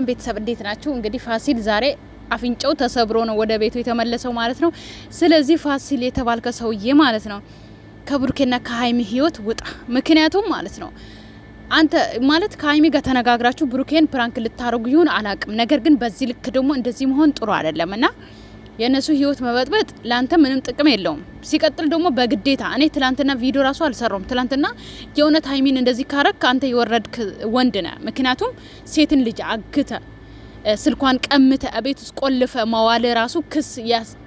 ሰላም ቤተሰብ እንዴት ናችሁ? እንግዲህ ፋሲል ዛሬ አፍንጫው ተሰብሮ ነው ወደ ቤቱ የተመለሰው ማለት ነው። ስለዚህ ፋሲል የተባልከ ሰውዬ ማለት ነው ከብሩኬና ከሀይሚ ህይወት ውጣ። ምክንያቱም ማለት ነው አንተ ማለት ከሀይሚ ጋር ተነጋግራችሁ ብሩኬን ፕራንክ ልታረጉ ይሁን አላቅም፣ ነገር ግን በዚህ ልክ ደግሞ እንደዚህ መሆን ጥሩ አይደለም እና የእነሱ ህይወት መበጥበጥ ለአንተ ምንም ጥቅም የለውም። ሲቀጥል ደግሞ በግዴታ እኔ ትላንትና ቪዲዮ ራሱ አልሰራውም። ትላንትና የእውነት ሀይሚን እንደዚህ ካረክ አንተ የወረድክ ወንድ ነ። ምክንያቱም ሴትን ልጅ አግተ ስልኳን ቀምተ ቤት ውስጥ ቆልፈ መዋል ራሱ ክስ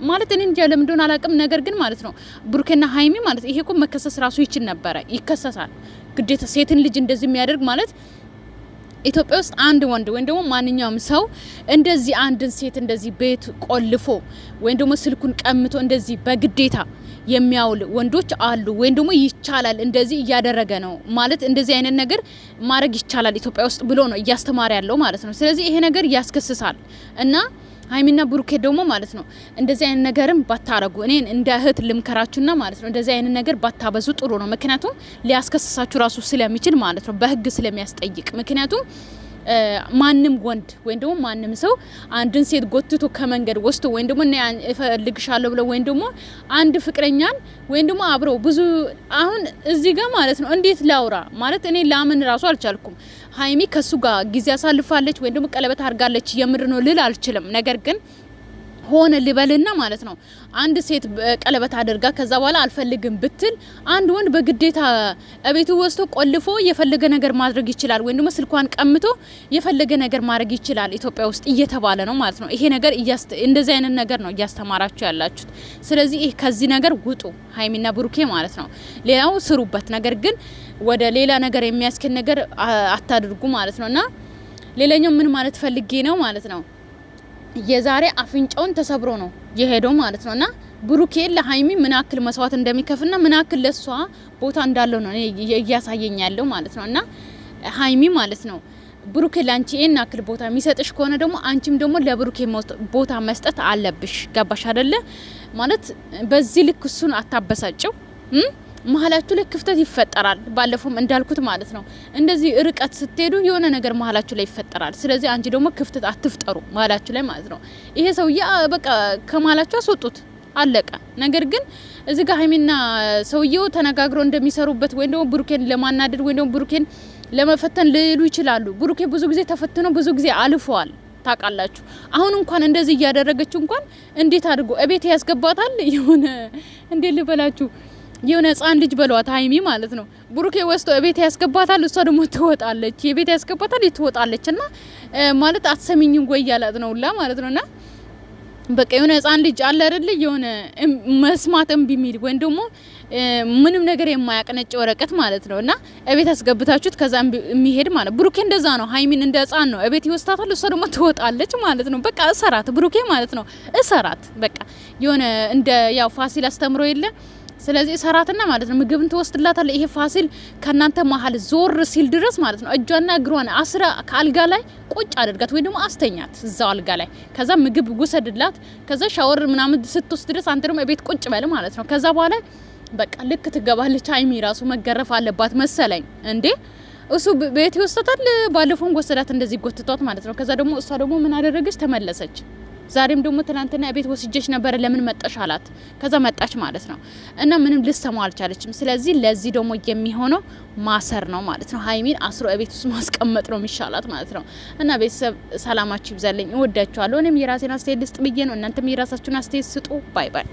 ማለት እኔ እንጃ ለምን አላቅም። ነገር ግን ማለት ነው ብሩኬና ሀይሚ ማለት ይሄ እኮ መከሰስ ራሱ ይችል ነበረ፣ ይከሰሳል። ግዴታ ሴትን ልጅ እንደዚህ የሚያደርግ ማለት ኢትዮጵያ ውስጥ አንድ ወንድ ወይም ደግሞ ማንኛውም ሰው እንደዚህ አንድን ሴት እንደዚህ ቤት ቆልፎ ወይም ደግሞ ስልኩን ቀምቶ እንደዚህ በግዴታ የሚያውል ወንዶች አሉ፣ ወይም ደግሞ ይቻላል፣ እንደዚህ እያደረገ ነው ማለት እንደዚህ አይነት ነገር ማድረግ ይቻላል ኢትዮጵያ ውስጥ ብሎ ነው እያስተማረ ያለው ማለት ነው። ስለዚህ ይሄ ነገር ያስከስሳል እና ሀይሚና ብሩኬ ደግሞ ማለት ነው እንደዚህ አይነት ነገርም ባታረጉ፣ እኔን እንደ እህት ልምከራችሁና ማለት ነው እንደዚህ አይነት ነገር ባታበዙ ጥሩ ነው። ምክንያቱም ሊያስከስሳችሁ ራሱ ስለሚችል ማለት ነው በህግ ስለሚያስጠይቅ ምክንያቱም ማንም ወንድ ወይም ደግሞ ማንም ሰው አንድን ሴት ጎትቶ ከመንገድ ወስቶ ወይም ደግሞ እኔ እፈልግሻለሁ ብለው ወይም ደግሞ አንድ ፍቅረኛን ወይም ደግሞ አብረው ብዙ አሁን እዚህ ጋር ማለት ነው እንዴት ላውራ ማለት እኔ ላምን ራሱ አልቻልኩም። ሀይሚ ከሱ ጋር ጊዜ አሳልፋለች ወይም ደግሞ ቀለበት አድርጋለች የምር ነው ልል አልችልም። ነገር ግን ሆነ ልበልና ማለት ነው። አንድ ሴት ቀለበት አድርጋ ከዛ በኋላ አልፈልግም ብትል አንድ ወንድ በግዴታ እቤቱ ወስቶ ቆልፎ የፈለገ ነገር ማድረግ ይችላል፣ ወይም ደግሞ ስልኳን ቀምቶ የፈለገ ነገር ማድረግ ይችላል ኢትዮጵያ ውስጥ እየተባለ ነው ማለት ነው። ይሄ ነገር እንደዚህ አይነት ነገር ነው እያስተማራችሁ ያላችሁት። ስለዚህ ይህ ከዚህ ነገር ውጡ ሀይሚና ብሩኬ ማለት ነው። ሌላው ስሩበት፣ ነገር ግን ወደ ሌላ ነገር የሚያስኬድ ነገር አታድርጉ ማለት ነው እና ሌላኛው ምን ማለት ፈልጌ ነው ማለት ነው የዛሬ አፍንጫውን ተሰብሮ ነው የሄደው ማለት ነው እና ብሩኬ ለሀይሚ ምን ያክል መስዋዕት እንደሚከፍና ምን ያክል ለሷ ቦታ እንዳለው ነው እያሳየኝ ያለው ማለት ነው እና ሀይሚ ማለት ነው ብሩኬ ለአንቺ ይህን ያክል ቦታ የሚሰጥሽ ከሆነ ደግሞ አንቺም ደግሞ ለብሩኬ ቦታ መስጠት አለብሽ። ገባሽ አደለ? ማለት በዚህ ልክ እሱን አታበሳጭው። መሀላችሁ ላይ ክፍተት ይፈጠራል። ባለፈውም እንዳልኩት ማለት ነው። እንደዚህ ርቀት ስትሄዱ የሆነ ነገር መሀላችሁ ላይ ይፈጠራል። ስለዚህ አንቺ ደግሞ ክፍተት አትፍጠሩ መሀላችሁ ላይ ማለት ነው። ይሄ ሰውዬ በቃ ከመሀላችሁ አስወጡት አለቀ። ነገር ግን እዚህ ጋር ሀይሚና ሰውየው ተነጋግሮ እንደሚሰሩበት ወይም ደግሞ ብሩኬን ለማናደድ ወይም ደግሞ ብሩኬን ለመፈተን ሊሉ ይችላሉ። ብሩኬ ብዙ ጊዜ ተፈትኖ ብዙ ጊዜ አልፈዋል። ታውቃላችሁ አሁን እንኳን እንደዚህ እያደረገችው እንኳን እንዴት አድርጎ እቤት ያስገባታል የሆነ እንዴት ልበላችሁ የሆነ ህፃን ልጅ በሏት ሀይሚ ማለት ነው። ብሩኬ ወስዶ ቤት ያስገባታል፣ እሷ ደግሞ ትወጣለች። የቤት ያስገባታል፣ ትወጣለች። እና ማለት አትሰሚኝም ወይ ያላት ነው ሁላ ማለት ነውና በቃ የሆነ ህፃን ልጅ አለ አይደል? የሆነ መስማት እምቢ የሚል ወይም ደግሞ ምንም ነገር የማያቅ ወረቀት ማለት ነው። እና እቤት አስገብታችሁት ከዛ የሚሄድ ማለት ብሩኬ እንደዛ ነው። ሀይሚን እንደ ህፃን ነው እቤት ይወስዳታል፣ እሷ ደግሞ ትወጣለች ማለት ነው። በቃ እሰራት ብሩኬ ማለት ነው እሰራት። በቃ የሆነ እንደ ያው ፋሲል አስተምሮ የለ ስለዚህ ሰራትና ማለት ነው ምግብን ትወስድላታለ። ይሄ ፋሲል ከእናንተ መሀል ዞር ሲል ድረስ ማለት ነው እጇና እግሯን አስራ ከአልጋ ላይ ቁጭ አድርጋት ወይ ደግሞ አስተኛት እዛው አልጋ ላይ። ከዛ ምግብ ውሰድላት። ከዛ ሻወር ምናምን ስትወስድ ድረስ አንተ ደግሞ ቤት ቁጭ በል ማለት ነው። ከዛ በኋላ በቃ ልክ ትገባለች። አይሚ ራሱ መገረፍ አለባት መሰለኝ እንዴ እሱ ቤት ይወስዳታል። ባለፈውን ወሰዳት እንደዚህ ጎትቷት ማለት ነው። ከዛ ደግሞ እሷ ደግሞ ምን አደረገች? ተመለሰች። ዛሬም ደግሞ ትናንትና ቤት ወስጀች ነበረ ለምን መጣሽ አላት። ከዛ መጣች ማለት ነው እና ምንም ልሰማው አልቻለችም። ስለዚህ ለዚህ ደግሞ የሚሆነው ማሰር ነው ማለት ነው። ሀይሚን አስሮ ቤት ውስጥ ማስቀመጥ ነው የሚሻላት ማለት ነው። እና ቤተሰብ ሰላማችሁ ይብዛለኝ፣ እወዳችኋለሁ። እኔም የራሴን አስተያየት ልስጥ ብዬ ነው። እናንተም የራሳችሁን አስተያየት ስጡ። ባይ ባይ